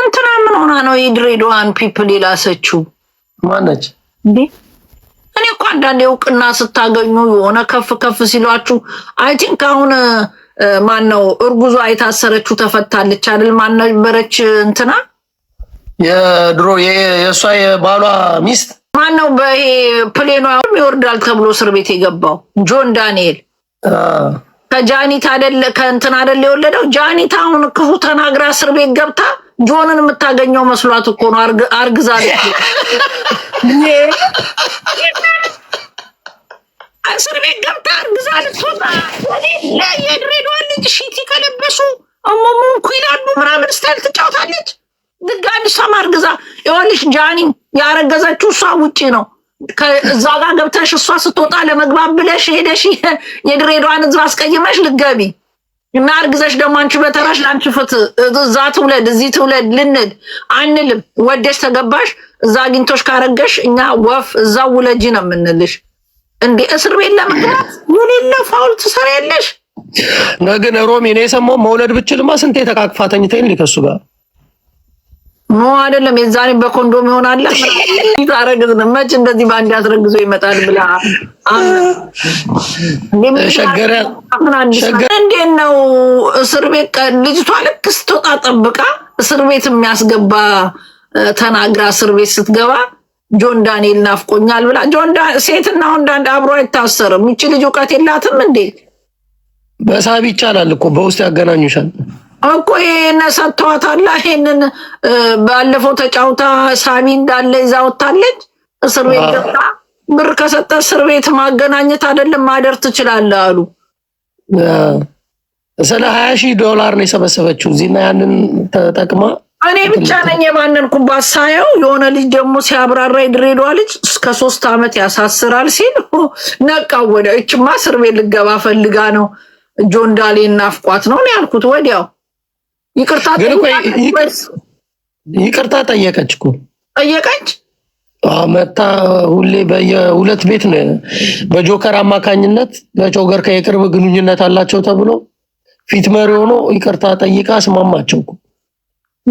እንትና ምን ሆና ነው የድሬዳዋን ፒፕል የላሰችው? ማነች እንዴ? እኔ እኮ አንዳንዴ እውቅና ስታገኙ የሆነ ከፍ ከፍ ሲሏችሁ አይ ቲንክ አሁን ማን ነው እርጉዟ የታሰረችው ተፈታለች አይደል? ማን ነበረች እንትና የድሮ የእሷ የባሏ ሚስት ማን ነው በይሄ ፕሌኗ ይወርዳል ተብሎ እስር ቤት የገባው ጆን ዳንኤል ከጃኒት አደለ ከእንትና አይደለ የወለደው ጃኒት አሁን ክፉ ተናግራ እስር ቤት ገብታ ጆንን የምታገኘው መስሏት እኮ ነው። አርግዛ እስር ቤት ገብታ አርግዛ ልትወጣ የድሬዳዋ ልጅ ሺቲ ከለበሱ እሙሙንኩ ይላሉ ምናምን ስታይል ትጫወታለች። ድጋሚ ሰማ አርግዛ ይኸውልሽ፣ ጃኒ ያረገዘችው እሷ ውጪ ነው። ከዛ ጋር ገብተሽ እሷ ስትወጣ ለመግባብ ብለሽ ሄደሽ የድሬዳዋን ህዝብ አስቀይመሽ ልትገቢ እና አርግዘሽ ደግሞ አንቺ በተራሽ ለአንቺ ፍት እዛ ትውለድ እዚህ ትውለድ ልንል አንልም። ወደሽ ተገባሽ እዛ አግኝቶሽ ካረገሽ እኛ ወፍ እዛ ውለጂ ነው የምንልሽ። እንደ እስር ቤት ለመግባት የሌለ ፋውል ትሰራ የለሽ። ግን ሮሚ እኔ የሰማው መውለድ ብችልማ ስንቴ ተቃቅፋ ተኝተኝ ሊከሱ ጋር ኖ አይደለም። የዛኔ በኮንዶም ይሆናል ታረግዝ ነው። መች እንደዚህ በአንድ አስረግዞ ይመጣል ብላ እንዴት ነው እስር ቤት ልጅቷ ልክ ስትወጣ ጠብቃ እስር ቤት የሚያስገባ ተናግራ እስር ቤት ስትገባ ጆን ዳንኤል ናፍቆኛል ብላ ሴትና ወንዳንድ አብሮ አይታሰርም። ይቺ ልጅ እውቀት የላትም እንዴ? በሳቢ ይቻላል እኮ በውስጥ ያገናኙሻል። እኮ ይሄን ሰጥተዋታላ። ይህንን ባለፈው ተጫውታ ሳሚ እንዳለ ይዛ ወታለች። እስር ቤት ገብታ ብር ከሰጠ እስር ቤት ማገናኘት አይደለም ማደር ትችላለህ አሉ። ስለ ሀያ ሺህ ዶላር ነው የሰበሰበችው እዚህና ያንን ተጠቅማ እኔ ብቻ ነኝ የማንን ኩባ ሳየው፣ የሆነ ልጅ ደግሞ ሲያብራራ የድሬዳዋ ልጅ እስከ ሶስት ዓመት ያሳስራል ሲል ነቃ ወዲያው ይችማ እስር ቤት ልገባ ፈልጋ ነው ጆንዳሌ እናፍቋት ነው ያልኩት ወዲያው ይቅርታ ጠየቀች እኮ ጠየቀች። መታ ሁሌ በየሁለት ቤት ነው በጆከር አማካኝነት ከጮገር የቅርብ ግንኙነት አላቸው ተብሎ ፊት መሪ ሆኖ ይቅርታ ጠይቃ አስማማቸው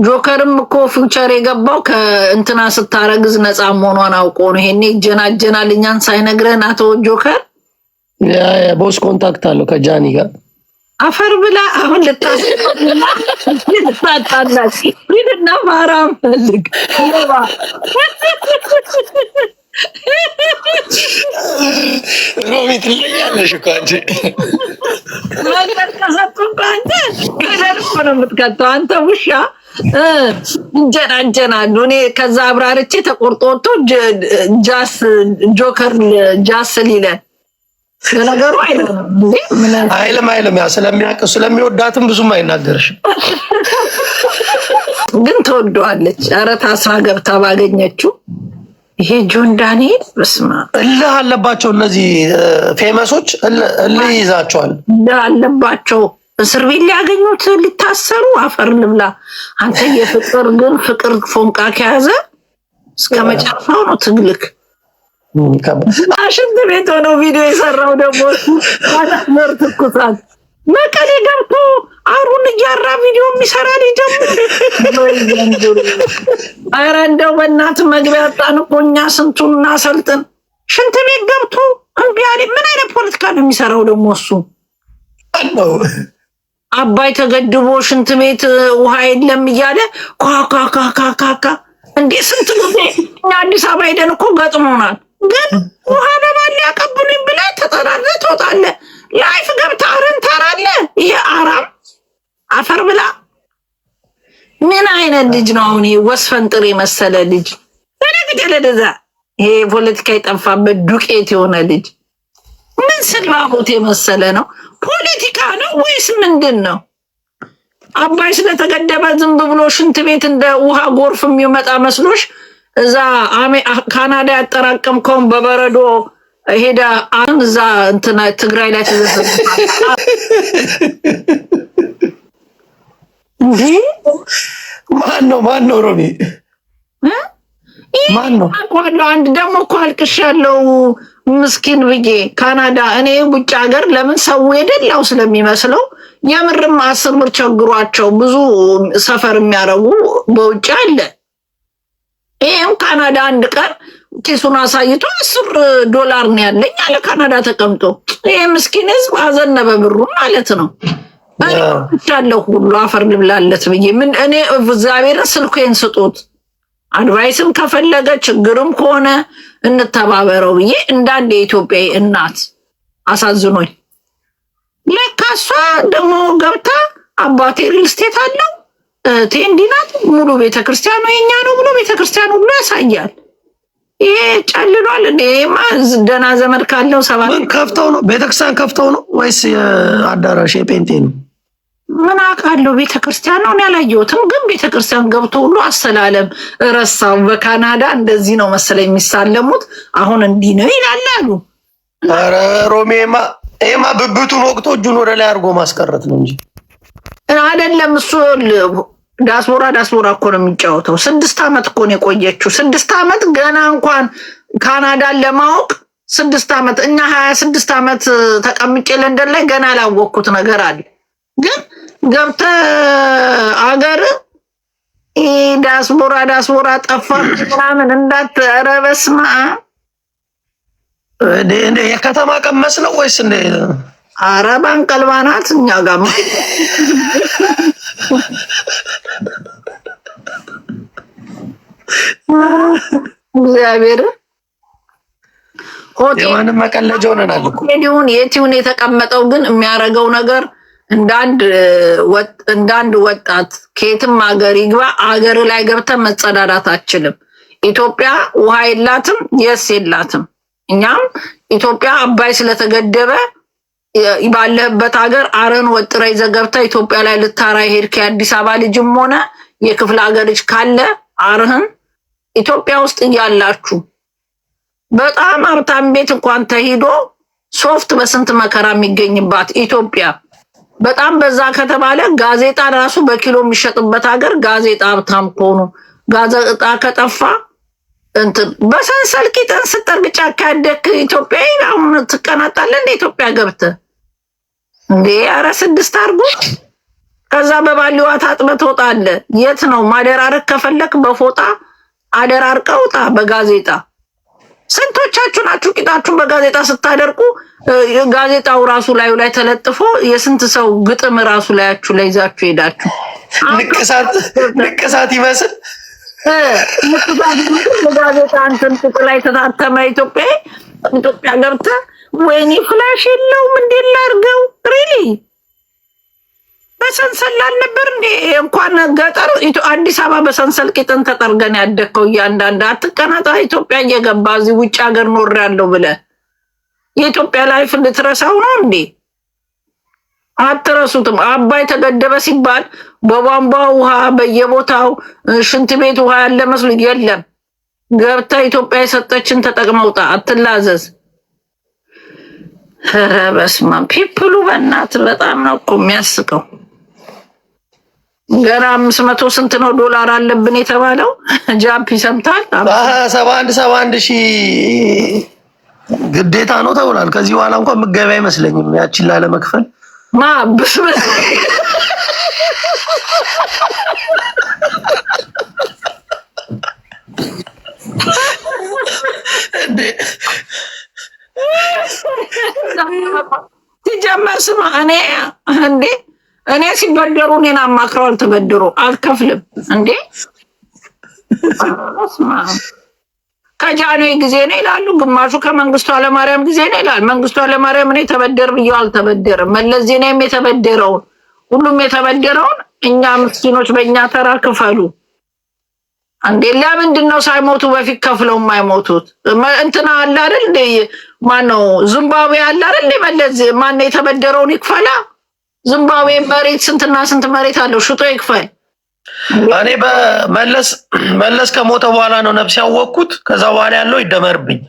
ጆከርም እኮ ፊውቸር የገባው ከእንትና ስታረግዝ ነፃ መሆኗን አውቆ ነው። ይሄኔ ይጀናጀናል እኛን ሳይነግረን አቶ ጆከር ቦስ ኮንታክት አለው ከጃኒ ጋር አፈር ብላ አሁን ልታጣናሽ ሂድና ማራ ፈልግ። ሮሚ ትለያለሽ እኮ አንቺ መንገድ ከሰጡህ አንተ ገደል እኮ ነው የምትከተው። አንተ ውሻ እንጀና እንጀና እኔ ከዛ አብራርቼ ተቆርጦ ወጥቶ ጃስ ጆከር ጃስል ይለን ለነገሩ አይልም አይልም። ያ ስለሚያውቅ ስለሚወዳትም ብዙም አይናገርሽም፣ ግን ተወደዋለች። ኧረ ታስራ ገብታ ባገኘችው ይሄ ጆን ዳንኤል በስማ እልህ አለባቸው። እነዚህ ፌመሶች እልህ ይዛቸዋል አለባቸው። እስር ቤት ሊያገኙት ሊታሰሩ አፈር ልብላ። አንተ የፍቅር ግን ፍቅር ፎንቃ ከያዘ እስከ መጨረሻው ነው ትግልክ ሽንት ቤት ሆነው ቪዲዮ የሰራው ደግሞ መር ትኩሳት መቀሌ ገብቶ አሩን እያራ ቪዲዮ የሚሰራ ልጅ ደግሞ ኧረ እንደው በእናትህ መግቢያ አጣን እኮ እኛ ስንቱን እናሰልጥን። ሽንት ቤት ገብቶ እምቢ አለ። ምን አይነት ፖለቲካ ነው የሚሰራው ደግሞ እሱ? አባይ ተገድቦ ሽንት ቤት ውሃ የለም እያለ ኳኳኳኳኳ እንዴ! ስንት ጊዜ እኛ አዲስ አበባ ሄደን እኮ ገጥሞናል። ግን ውሃ በባል ያቀብሉኝ ብላ ተጠራርገ ትወጣለ። ላይፍ ገብታ አረን ታራለ። ይሄ አራም አፈር ብላ ምን አይነት ልጅ ነው አሁን? ወስፈንጥር የመሰለ ልጅ ለነግድ ይሄ ፖለቲካ የጠፋበት ዱቄት የሆነ ልጅ ምን ስልባቦት የመሰለ ነው። ፖለቲካ ነው ወይስ ምንድን ነው? አባይ ስለተገደበ ዝም ብሎ ሽንት ቤት እንደ ውሃ ጎርፍ የሚመጣ መስሎሽ እዛ ካናዳ ያጠራቀምከውን በበረዶ ሄዳ እዛ እንትና ትግራይ ላይ ተዘፈ ማን ነው ማን ነው? ሮሚ ማን አንድ ደግሞ እኮ አልቅሻለሁ ምስኪን ብዬ ካናዳ። እኔ ውጭ ሀገር ለምን ሰው የደላው ስለሚመስለው የምርም አስር ብር ቸግሯቸው ብዙ ሰፈር የሚያረጉ በውጭ አለን ይሄው ካናዳ አንድ ቀን ኪሱን አሳይቶ አስር ዶላር ነው ያለኝ አለ ካናዳ ተቀምጦ። ይሄ ምስኪን ህዝብ አዘነበ ብሩ ማለት ነው። ቻለሁ ሁሉ አፈር ልብላለት ብዬ ምን እኔ እግዚአብሔር ስልኩን ስጡት አድቫይስም ከፈለገ ችግርም ከሆነ እንተባበረው ብዬ እንዳንድ የኢትዮጵያ እናት አሳዝኖኝ፣ ለካ እሷ ደግሞ ገብታ አባቴ ሪል ስቴት አለው ቴንዲ ናት ሙሉ ቤተክርስቲያኑ የኛ ነው ብሎ ቤተክርስቲያኑ ሁሉ ያሳያል። ይሄ ጨልሏል። ይሄማ ደህና ዘመድ ካለው ሰባት ከፍተው ነው ቤተክርስቲያን ከፍተው ነው ወይስ የአዳራሽ የጴንጤ ነው? ምን አውቃለሁ። ቤተክርስቲያን ነው ያላየሁትም፣ ግን ቤተክርስቲያን ገብቶ ሁሉ አሰላለም ረሳው። በካናዳ እንደዚህ ነው መሰለኝ የሚሳለሙት። አሁን እንዲህ ነው ይላል አሉ። ኧረ ሮሜማ ይሄማ ብብቱን ወቅቶ እጁን ወደ ላይ አድርጎ ማስቀረት ነው እንጂ አይደለም እሱ ዳስቦራ ዳስቦራ እኮ ነው የሚጫወተው። ስድስት ዓመት እኮ ነው የቆየችው። ስድስት ዓመት ገና እንኳን ካናዳን ለማወቅ ስድስት ዓመት እኛ ሀያ ስድስት ዓመት ተቀምጬ ለንደን ላይ ገና ላወቅኩት ነገር አለ። ግን ገብተ አገር ዳስቦራ ዳስቦራ ጠፋ ምናምን እንዳት ረበስማ የከተማ ቀመስ ነው ወይስ እንደ አረባን ቀልባናት እኛ ጋማ እግዚአብሔር ሆቴማንም መቀለጃ ሆነናል። ሆቴሊውን የቲውን የተቀመጠው ግን የሚያደርገው ነገር እንዳንድ ወጣት ከየትም ሀገር ይግባ አገር ላይ ገብተ መጸዳዳት አችልም። ኢትዮጵያ ውሃ የላትም፣ የስ የላትም። እኛም ኢትዮጵያ አባይ ስለተገደበ ባለህበት ሀገር አረን ወጥረ ይዘገብታ ኢትዮጵያ ላይ ልታራ ሄድክ የአዲስ አበባ ልጅም ሆነ የክፍለ ሀገር ልጅ ካለ አርህን ኢትዮጵያ ውስጥ እያላችሁ በጣም ሀብታም ቤት እንኳን ተሂዶ ሶፍት በስንት መከራ የሚገኝባት ኢትዮጵያ በጣም በዛ ከተባለ ጋዜጣ ራሱ በኪሎ የሚሸጥበት ሀገር ጋዜጣ ሀብታም ከሆኑ ጋዜጣ ከጠፋ እንትን በሰንሰል ቂጥን ስጠርግጫ ካደክ ኢትዮጵያ አሁን ትቀናጣለህ እንደ ኢትዮጵያ ገብተ እንዴ ኧረ ስድስት አርጎ ከዛ በባሊዋ ታጥበህ ትወጣለህ። የት ነው ማደራረግ ከፈለክ በፎጣ አደራርቀው ጣ በጋዜጣ ስንቶቻችሁ ናችሁ ቂጣችሁን በጋዜጣ ስታደርቁ ጋዜጣው ራሱ ላዩ ላይ ተለጥፎ የስንት ሰው ግጥም ራሱ ላያችሁ ላይ ይዛችሁ ሄዳችሁ ንቅሳት ይመስል በጋዜጣ አንተን ቁጥ ላይ ተታተመ ኢትዮጵያ ኢትዮጵያ ገብተ ወይኔ ፍላሽ የለውም እንዴት ላድርገው ሪሊ በሰንሰል ላልነበር እንዴ እንኳን ገጠር አዲስ አበባ በሰንሰል ቂጥን ተጠርገን ያደግከው እያንዳንድ አትቀናጣ። ኢትዮጵያ እየገባ እዚህ ውጭ ሀገር ኖር ያለው ብለ የኢትዮጵያ ላይፍ እንድትረሳው ነው እንዴ? አትረሱትም። አባይ ተገደበ ሲባል በቧንቧ ውሃ በየቦታው ሽንት ቤት ውሃ ያለ መስሉ የለም። ገብታ ኢትዮጵያ የሰጠችን ተጠቅመውጣ አትላዘዝ። ኧረ በስመ አብ ፒፕሉ በእናት በጣም ነው እኮ የሚያስቀው። ገና አምስት መቶ ስንት ነው ዶላር አለብን የተባለው? ጃምፕ ይሰምታል። ሰባ አንድ ሰባ አንድ ሺህ ግዴታ ነው ተብሏል። ከዚህ በኋላ እንኳን ምገቢ አይመስለኝም ያችን ላለመክፈል ማ ሲጀመር ስማ እኔ እንዴ እኔ ሲበደሩ እኔን አማክረው አልተበደሩ አልከፍልም እንዴ ከጃንሆይ ጊዜ ነው ይላሉ፣ ግማሹ ከመንግስቱ ኃይለማርያም ጊዜ ነው ይላል። መንግስቱ ኃይለማርያም እኔ ተበደር ብዬ አልተበደርም። መለስ ዜናዊም የተበደረውን ሁሉም የተበደረውን እኛ ምስኪኖች በእኛ ተራ ክፈሉ እንዴ። ለምንድን ነው ሳይሞቱ በፊት ከፍለው የማይሞቱት? እንትና አለ አይደል ማነው? ዚምባብዌ አለ አይደል መለስ ማነው የተበደረውን ይክፈላ ዝምባብዌ መሬት ስንትና ስንት መሬት አለው ሽጦ ይክፈል። እኔ በመለስ መለስ ከሞተ በኋላ ነው ነፍስ ያወቅኩት። ከዛ በኋላ ያለው ይደመርብኝ።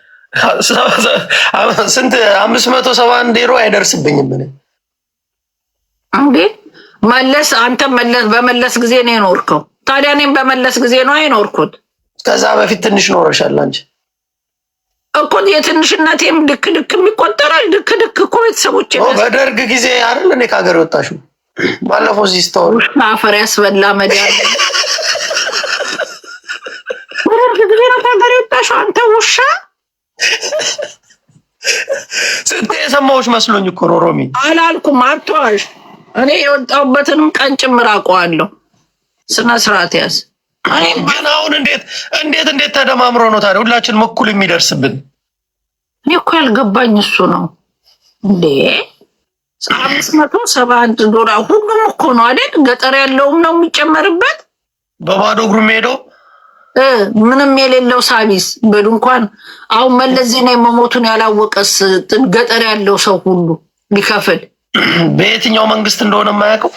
ስንት አምስት መቶ ሰባ አንድ አይደርስብኝም። ምን እንዴ መለስ አንተ መለስ በመለስ ጊዜ ነው የኖርከው። ታዲያ እኔም በመለስ ጊዜ ነው አይኖርኩት። ከዛ በፊት ትንሽ ኖረሻል አንቺ እኮ የትንሽነቴም ልክ ልክ የሚቆጠራል። ልክ ልክ እኮ ቤተሰቦች በደርግ ጊዜ አይደል እኔ ከሀገር የወጣሽው? ባለፈው ሲስተዋል አፈር ያስበላ መዳን በደርግ ጊዜ ነው ከሀገር የወጣሽው አንተ ውሻ። ስንቴ የሰማዎች መስሎኝ እኮ ነው ሮሚ። አላልኩም አትዋሽ። እኔ የወጣሁበትንም ቀን ጭምር አውቀዋለሁ። ስነ ስርዓት ያዝ። ግን አሁን እንዴት እንዴት እንዴት ተደማምሮ ነው ታዲያ ሁላችንም እኩል የሚደርስብን? እኔ እኮ ያልገባኝ እሱ ነው። እንዴ አምስት መቶ ሰባ አንድ ዶላር ሁሉም እኮ ነው አይደል? ገጠር ያለውም ነው የሚጨመርበት። በባዶ እግሩ ሄደው ምንም የሌለው ሳቢስ በድንኳን አሁን መለስ ዜናዊ መሞቱን ያላወቀስ ገጠር ያለው ሰው ሁሉ ሊከፍል በየትኛው መንግስት እንደሆነ የማያውቀው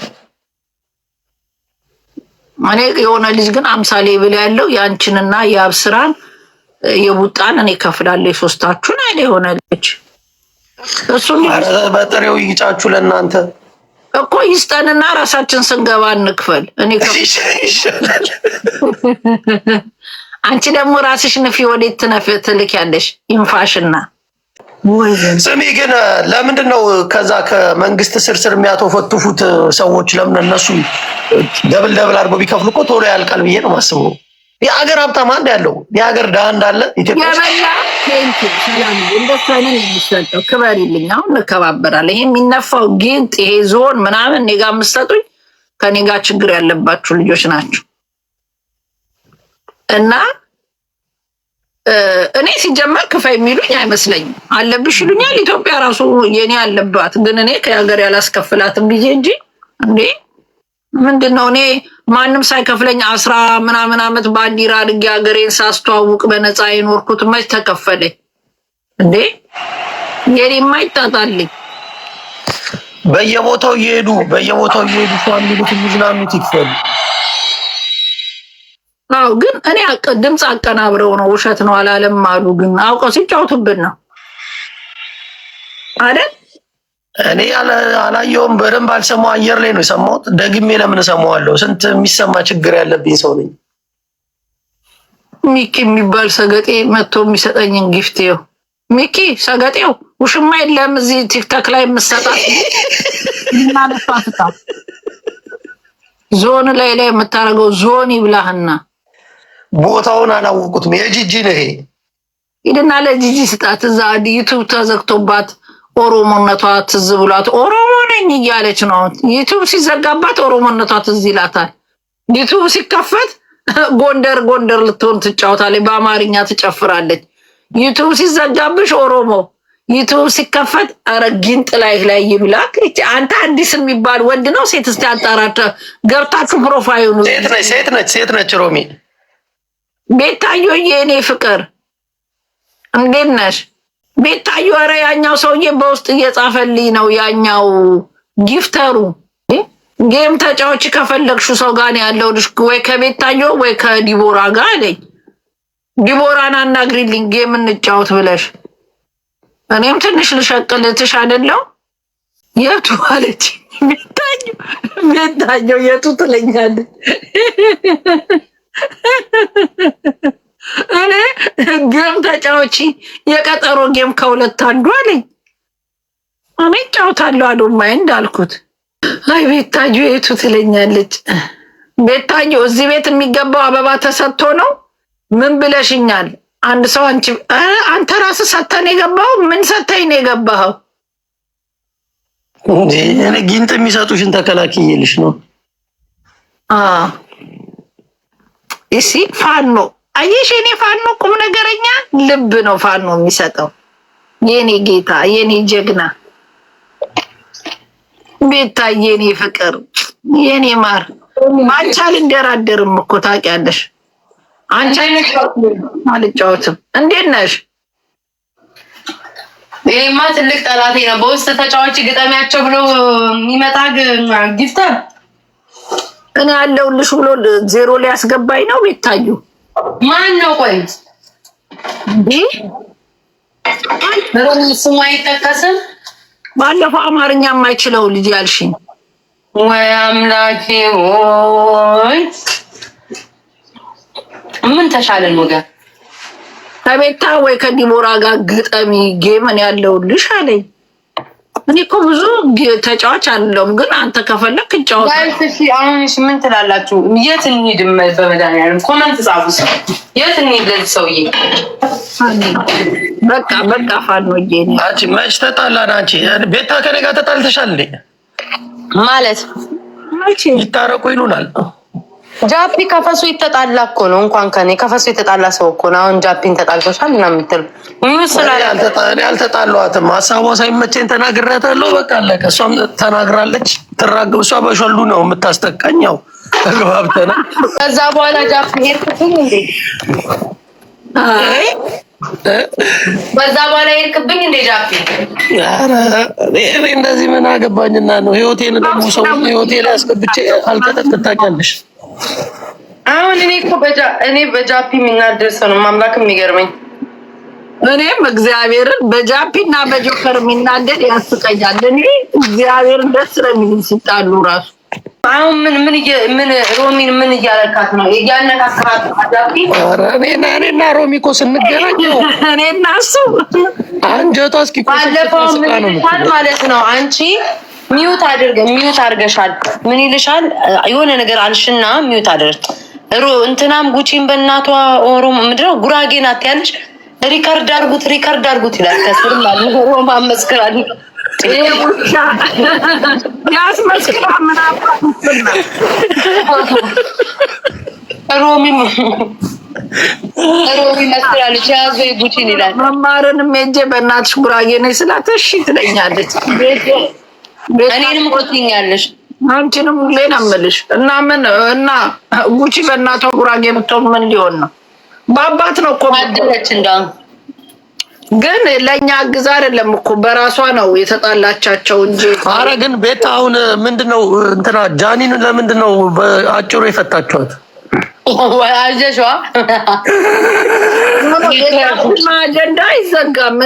እኔ የሆነ ልጅ ግን አምሳሌ ብል ያለው የአንችንና የአብስራን የቡጣን እኔ ከፍላለሁ የሶስታችሁን አይደል የሆነ ልጅ እሱም በጥሬው ይጫችሁ ለእናንተ እኮ ይስጠንና ራሳችን ስንገባ እንክፈል። እኔ አንቺ ደግሞ ራስሽ ንፊ፣ ወዴት ትነፍ ትልኪያለሽ? ይንፋሽና ስሚ ግን ለምንድን ነው ከዛ ከመንግስት ስር ስር የሚያተፈትፉት ሰዎች? ለምን እነሱ ደብል ደብል አድርገው ቢከፍሉ እኮ ቶሎ ያልቃል ብዬ ነው ማስበው። የሀገር ሀብታም አንድ ያለው የሀገር ድሃ እንዳለ ኢትዮጵያ እንደሱ የሚሰጠው ክበር አሁን እንከባበራለን። ይሄ የሚነፋው ጊንጥ ይሄ ዞን ምናምን ኔጋ የምትሰጡኝ ከኔ ጋር ችግር ያለባችሁ ልጆች ናቸው እና እኔ ሲጀመር ክፋ የሚሉኝ አይመስለኝም። አለብሽ ይሉኛል። ኢትዮጵያ ራሱ የኔ አለባት፣ ግን እኔ ከሀገር ያላስከፍላትም ብዬ እንጂ እንዴ ምንድን ነው እኔ ማንም ሳይከፍለኝ አስራ ምናምን ዓመት ባንዲራ አድርጌ ሀገሬን ሳስተዋውቅ በነፃ የኖርኩት መች ተከፈለኝ እንዴ? የኔማ ማይጣጣልኝ በየቦታው እየሄዱ በየቦታው እየሄዱ ሚሉት የሚሉት የሚዝናኑት ይክፈሉ። አዎ ግን እኔ ድምፅ አቀናብረው ነው ውሸት ነው አላለም አሉ። ግን አውቀው ሲጫውቱብን ነው አይደል? እኔ አላየውም፣ በደንብ አልሰማው፣ አየር ላይ ነው የሰማሁት። ደግሜ ለምን እሰማዋለሁ? ስንት የሚሰማ ችግር ያለብኝ ሰው ነኝ። ሚኪ የሚባል ሰገጤ መጥቶ የሚሰጠኝን ጊፍት ው ሚኪ ሰገጤው ውሽማ የለም እዚህ ቲክቶክ ላይ የምሰጣት ዞን ላይ ላይ የምታደርገው ዞን ይብላህና ቦታውን አላወቁትም። የጂጂ ነው ይሄ። ሂድና ለጂጂ ስጣት። እዛ ዩቱብ ተዘግቶባት ኦሮሞነቷ ትዝ ብሏት ኦሮሞ ነኝ እያለች ነው። ዩቱብ ሲዘጋባት ኦሮሞነቷ ትዝ ይላታል። ዩቱብ ሲከፈት ጎንደር ጎንደር ልትሆን ትጫወታለች፣ በአማርኛ ትጨፍራለች። ዩቱብ ሲዘጋብሽ ኦሮሞ፣ ዩቱብ ሲከፈት ኧረ ጊንጥ ላይ ላይ ይብላክ። አንተ አዲስ የሚባል ወንድ ነው ሴት? እስኪ አጣራቸው ገብታችሁ ፕሮፋይሉ። ሴት ነች፣ ሴት ነች። ሮሚ ቤታዮ የእኔ ፍቅር እንዴት ነሽ? ቤታዩ ኧረ ያኛው ሰውዬ በውስጥ እየጻፈልኝ ነው። ያኛው ጊፍተሩ ጌም ተጫዎች ከፈለግሹ ሰው ጋር ያለው ልጅ ወይ ከቤታዮ ወይ ከዲቦራ ጋር አለኝ። ዲቦራን አናግሪልኝ ጌም እንጫወት ብለሽ እኔም ትንሽ ልሸቅል ትሽ አደለው የቱ አለች ቤታዮ ቤታዮ የቱ ትለኛለች እኔ ገም ተጫዋች የቀጠሮ ጌም ከሁለት አንዱ አለኝ። እኔ ጫውታለሁ አዶማይ እንዳልኩት። አይ ቤታዩ የቱ ትለኛለች። ቤታዩ እዚህ ቤት የሚገባው አበባ ተሰጥቶ ነው። ምን ብለሽኛል? አንድ ሰው አንቺ አንተ ራስህ ሰተን የገባኸው ምን ሰተኝ ነው የገባኸው? ጊንጥ የሚሰጡሽን ተከላክዬልሽ ነው። ይሲ ፋኖ አየሽ፣ የኔ ፋኖ ቁም ነገረኛ ልብ ነው ፋኖ የሚሰጠው። የኔ ጌታ፣ የኔ ጀግና፣ ቤታ፣ የኔ ፍቅር፣ የኔ ማር፣ አንቺ አልደራደርም እኮ ታውቂያለሽ። አንቺ አልጫወትም። እንዴት ነሽ? ይሄማ ትልቅ ጠላቴ ነው። በውስጥ ተጫዋች ግጠሚያቸው ብሎ የሚመጣ ጊፍተር እኔ ያለሁልሽ ብሎ ዜሮ ሊያስገባኝ ነው ቤታዩ ማን ነው? ቆይ እንዴ ሮሚ ስሙ አይጠቀስም። ባለፈው አማርኛ የማይችለው ልጅ ያልሽኝ ወይ አምላኬ ወይ ምን ተሻለን ወገን ከቤታ ወይ ከዲቦራ ጋር ግጠሚ ጌምን ያለውልሽ አለኝ። እኔ እኮ ብዙ ተጫዋች አለውም፣ ግን አንተ ከፈለክ እጫወት። አሁን ምን ትላላችሁ? የት እንሂድ? በመድኃኒዓለም ኮመንት ጻፉ። ሰው የት እንሂድ? ለዚህ ሰውዬ በቃ በቃ። ፋኖዬ አንቺ መች ተጣላን? አንቺ ቤታ ከኔ ጋር ተጣልተሻል ማለት ይታረቁ ይሉናል። ጃፒ ከፈሱ የተጣላ እኮ ነው። እንኳን ከኔ ከፈሱ የተጣላ ሰው እኮ ነው። አሁን ጃፒን ተጣልቶሻል እና የምትል አልተጣሏትም። ሀሳቧ ሳይመቸኝ ተናግሬያታለሁ። በቃ አለቀ። እሷም ተናግራለች። ትራግብ እሷ በሸሉ ነው የምታስጠቃኝ። ያው ተግባብተናል። ከዛ በኋላ ጃፒ ሄድክብኝ እንዴ? በዛ በኋላ ሄድክብኝ እንዴ ጃፒ? እኔ እንደዚህ ምን አገባኝና ነው ህይወቴን ደግሞ ሰው ህይወቴ ላይ አስገብቼ አልቀጠቅጥ ታውቂያለሽ አሁን እኔ እኮ እኔ በጃፒ የሚናደር ሰው ነው ማምላክ የሚገርመኝ። እኔም እግዚአብሔርን በጃፒ እና በጆከር የሚናደድ ያስቀኛል። እኔ እግዚአብሔርን ደስ ለሚል ሲጣሉ ራሱ አሁን ምን ምን ምን ሮሚን ምን እያለካት ነው? እያነካካት አዳቂ እኔና እኔና ሮሚ እኮ ስንገናኝ እኔና እሱ አንጀቷ እስኪ ባለፈው ምን ማለት ነው አንቺ ሚዩት አድርገ ሚዩት አድርገሻል። ምን ይልሻል? የሆነ ነገር አልሽና ሚዩት አድርግ ሮ እንትናም ጉቺን በእናቷ ኦሮሞ ምድረው ጉራጌ ናት ያልሽ፣ ሪከርድ አድርጉት፣ ሪከርድ አርጉት ሪከርድ አርጉት ይላል ከስር ሮማ መስክራል ያስመስክራ ምናባ ሮሚ ሮሚ መስላለች ያዘ ጉቺን ይላል። መማርን ሜጄ በእናትሽ ጉራጌ ነች ስላት እሺ ትለኛለች። እኔንም ቆጥኛለሽ አንቺንም ሁሌ ነው የምልሽ። እና ምን እና ጉቺ በእናቷ ጉራጌ የምትሆን ምን ሊሆን ነው? በአባት ነው እኮ ማደረች እንዳሁን ግን ለእኛ አግዛ አይደለም እኮ በራሷ ነው የተጣላቻቸው እንጂ። አረ ግን ቤት አሁን ምንድን ነው እንትና ጃኒን ለምንድን ነው በአጭሩ የፈታችኋት? አጀሸዋ አጀንዳ አይዘጋም።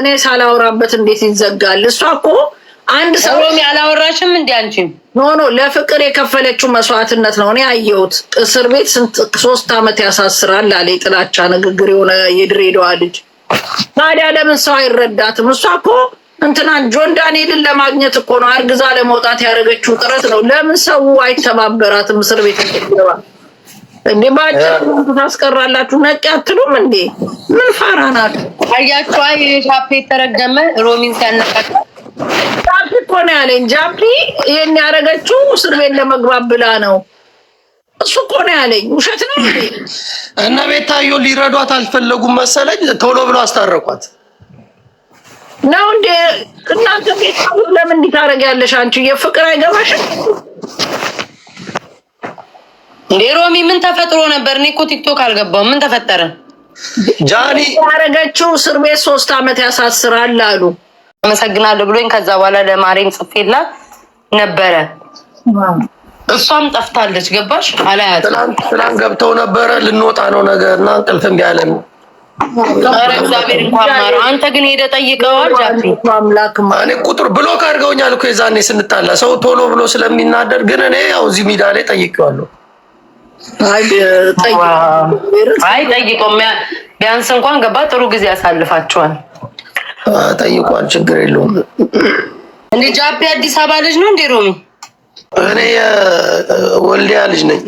እኔ ሳላውራበት እንዴት ይዘጋል? እሷ እኮ አንድ ሰው ሮሚ አላወራሽም እንዲ አንቺ ኖ ኖ ለፍቅር የከፈለችው መስዋዕትነት ነው። እኔ አየሁት። እስር ቤት ስንት ሶስት አመት ያሳስራል አለ የጥላቻ ንግግር የሆነ የድሬዳዋ ልጅ። ታዲያ ለምን ሰው አይረዳትም? እሷ እኮ እንትናን ጆን ዳንኤልን ለማግኘት እኮ ነው አርግዛ ለመውጣት ያደረገችው ጥረት ነው። ለምን ሰው አይተባበራትም? እስር ቤት እንዴ ባጭር ታስቀራላችሁ? ነቅ አትሉም እንዴ? ምን ፋራ ናት? አያችሁ፣ ሻፔ የተረገመ ሮሚን ሲያነቃቸው ጃፕሪ እኮ ነው ያለኝ። ጃምፒ ይሄን ያደረገችው እስር ቤት ለመግባት ብላ ነው። እሱ እኮ ነው ያለኝ። ውሸት ነው እና ቤታዮ ሊረዷት አልፈለጉም መሰለኝ። ቶሎ ብሎ አስታረቋት ነው እንዴ? እናንተ ቤት ለምን እንዲታረጊያለሽ አንቺ? የፍቅር አይገባሽም እንዴ? ሮሚ ምን ተፈጥሮ ነበር? እኔ እኮ ቲክቶክ አልገባሁም። ምን ተፈጠረ? ጃኒ ያደረገችው እስር ቤት ሶስት አመት ያሳስራል አሉ አመሰግናለሁ ብሎኝ ከዛ በኋላ ለማሬም ጽፌላ ነበረ። እሷም ጠፍታለች። ገባሽ አላያት። ትናንት ገብተው ነበረ። ልንወጣ ነው ነገር እና እንቅልፍ እምቢ አለን። ኧረ እግዚአብሔር እንኳን ማረው። አንተ ግን ሄደህ ጠይቀዋል። እኔ ቁጥር ብሎክ አድርገውኛል እኮ የዛኔ ስንጣላ ሰው ቶሎ ብሎ ስለሚናደር፣ ግን እኔ ያው እዚህ ሜዳ ላይ ጠይቄዋለሁ። አይ ጠይቀው፣ ቢያንስ እንኳን ገባ ጥሩ ጊዜ ያሳልፋቸዋል። ጠይቋል። ችግር የለውም። እንዴ ጃቢ አዲስ አበባ ልጅ ነው እንዴ? ሮሚ እኔ ወልዲያ ልጅ ነኝ።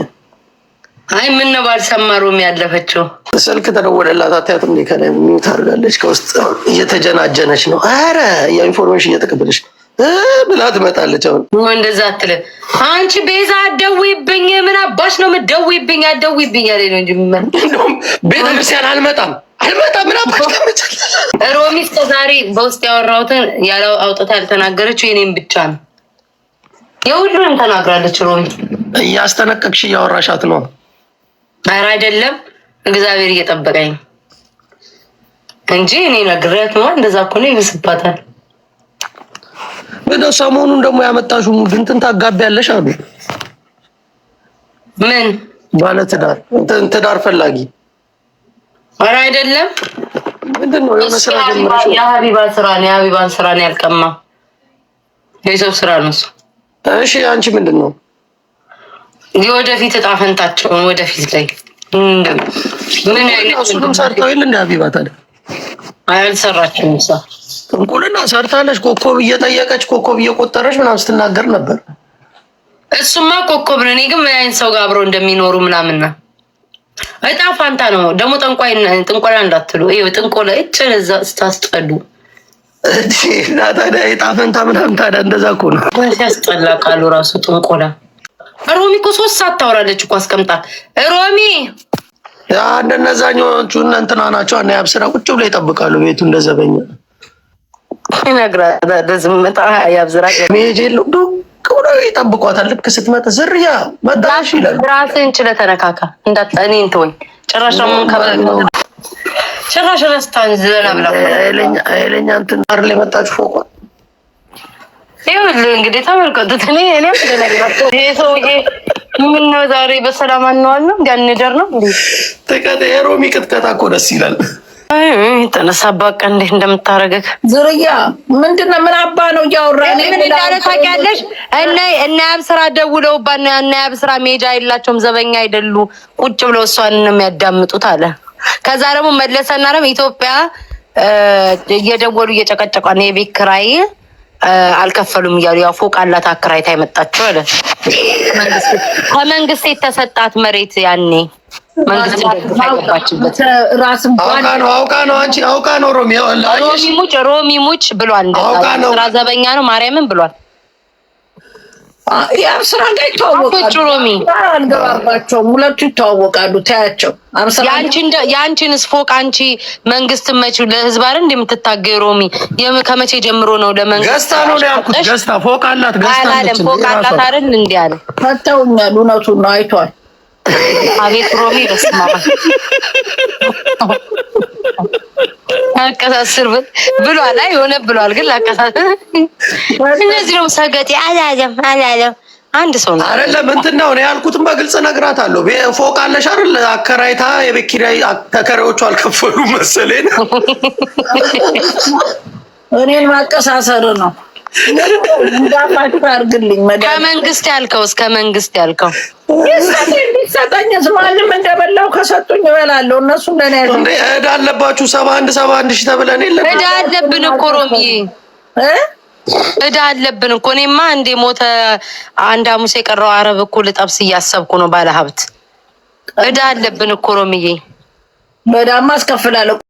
አይ ምን ነው ባልሰማ ሮሚ ያለፈችው ስልክ ተደወለላት። አታያትም? ከላይ ሚዩት አድርጋለች። ከውስጥ እየተጀናጀነች ነው። አረ የኢንፎርሜሽን እየተቀበለች ነው ብላ ትመጣለች። አሁን እንደዛ አትለ አንቺ ቤዛ አትደውይብኝ። ምን አባሽ ነው የምትደውይብኝ? አትደውይብኝ ያለ ነው እንጂ ቤተክርስቲያን አልመጣም አልመጣም። ምን አባት ሮሚ እስከ ዛሬ በውስጥ ያወራሁትን ያለው አውጥታ ያልተናገረችው የኔም ብቻ ነው። የሁሉንም ተናግራለች። ሮሚ እያስጠነቀቅሽ እያወራሻት ነው። ኧረ አይደለም እግዚአብሔር እየጠበቀኝ እንጂ እኔ ነግሬያት ነው። እንደዛ እኮ ነው ይብስባታል። ወደ ሰሞኑን ደግሞ ያመጣሽው ሙድ እንትን ታጋቢያለሽ አሉ ምን ማለት ትዳር ትዳር ፈላጊ ኧረ አይደለም። ምንድን የሀቢባን ስራ ነው። የሀቢባን ስራ ነው ያልቀማ የሰው ስራ ነው እሱ። እሺ አንቺ ምንድን ነው የወደፊት እጣ ፈንታቸውን ወደፊት ላይ ምንሱም ሰርተው የለ እንደ ሀቢባ ታዲያ አልሰራችም። ሳ እንቁልና ሰርታለች። ኮኮብ እየጠየቀች ኮኮብ እየቆጠረች ምናምን ስትናገር ነበር። እሱማ ኮኮብ ነው። እኔ ግን ምን አይነት ሰው ጋር አብረው እንደሚኖሩ ምናምና እጣ ፋንታ ነው። ደግሞ ጠንቋይ ጥንቆላ እንዳትሉ። ይ ጥንቆላ እጭን እዛ ስታስጠሉ እና ታዲያ እጣ ፈንታ ምናምን ታዲያ እንደዛ እኮ ነው ሲያስጠላ ቃሉ ራሱ ጥንቆላ። ሮሚ እኮ ሶስት ሰዓት ታወራለች እኮ አስቀምጣ። ሮሚ እንደነዛኞቹ እነ እንትና ናቸው። እና ያብስራ ቁጭ ብሎ ይጠብቃሉ ቤቱ እንደዘበኛ ይነግራል። ዝምጣ ያብዝራ ሜጅ የለው ነው ይጠብቋታል። ልክ ስትመጣ ዝርያ መጣሽ ይላል። ራስን ችለ ተነካካ እንዳትጠ እኔን ትወኝ ጭራሽ ምን ጭራሽ ረስታን ዘና ብላ እንትን አር ላይ መጣች ፎቆ ይኸውልህ እንግዲህ ተመልከቱት። እኔ እኔ ይህ ሰውዬ ምነው ዛሬ በሰላም አንዋል ነው እንዲ አንደር ነው ሮሚ ቅጥቀጣ እኮ ደስ ይላል። የተነሳ አባ ቀን እንዴት እንደምታረገክ ዝርያ ምንድነው? ምን አባ ነው እያወራ ምን ታውቂያለሽ? እና ያብ ስራ ደውለውባት ነው እና ያብ ስራ የላቸውም ዘበኛ አይደሉ ቁጭ ብለው እሷን ነው የሚያዳምጡት አለ። ከዛ ደግሞ መለሰና ደግሞ ኢትዮጵያ እየደወሉ እየጨቀጨቋ ነው የቤት ኪራይ አልከፈሉም እያሉ ያው ፎቅ አላት አከራይታ የመጣችው አለ። ከመንግስት የተሰጣት መሬት ያኔ አውቃ ነው ሮሚ ሙጭ ብሏል። ስራ ዘበኛ ነው ማርያምን ብሏል። ያም ጋር ይተዋወቃሉ። ሮሚ አንገባባቸውም። ሁለቱ ይተዋወቃሉ። ታያቸው። የአንቺንስ ፎቅ አንቺ መንግስት መች ለህዝብ አይደል እንደምትታገይ ሮሚ ከመቼ ጀምሮ ነው ለመንግስት ገዝታ ነው ያልኩት። ገዝታ ፎቅ አላት። ገዝታ ፎቅ አላት አይደል እንዲህ አለ። ፈተውኛል። እውነቱን ነው አይቷል። አቤት ሮሚ በስማ አቀሳስር ብሏል። አይ የሆነ ብሏል፣ ግን ላቀሳስር እነዚህ ነው ሰገጤ አላለም አላለም አንድ ሰው ነው አይደለም። እንትን ነው ያልኩትም በግልጽ እነግራታለሁ። ፎቅ አለሽ አይደል? አከራይታ የቤት ኪራይ ተከራዮቹ መሰለኝ። እኔን ማቀሳሰር ነው አድርግልኝ ከመንግስት ያልከው እስከ መንግስት ያልከው ሰጠኝ። ማንም እንደበላው ከሰጡኝ እበላለሁ። እነሱ እዳ አለባችሁ ሰባ አንድ ሰባ አንድ ሺህ ተብለን የለም እዳ አለብን እኮ ሮምዬ እዳ አለብን እኮ። እኔማ እንደ ሞተ አንድ ሐሙስ የቀረው አረብ እኮ ልጠብስ እያሰብኩ ነው። ባለሀብት እዳ አለብን እኮ ሮምዬ በእዳማ አስከፍላለሁ።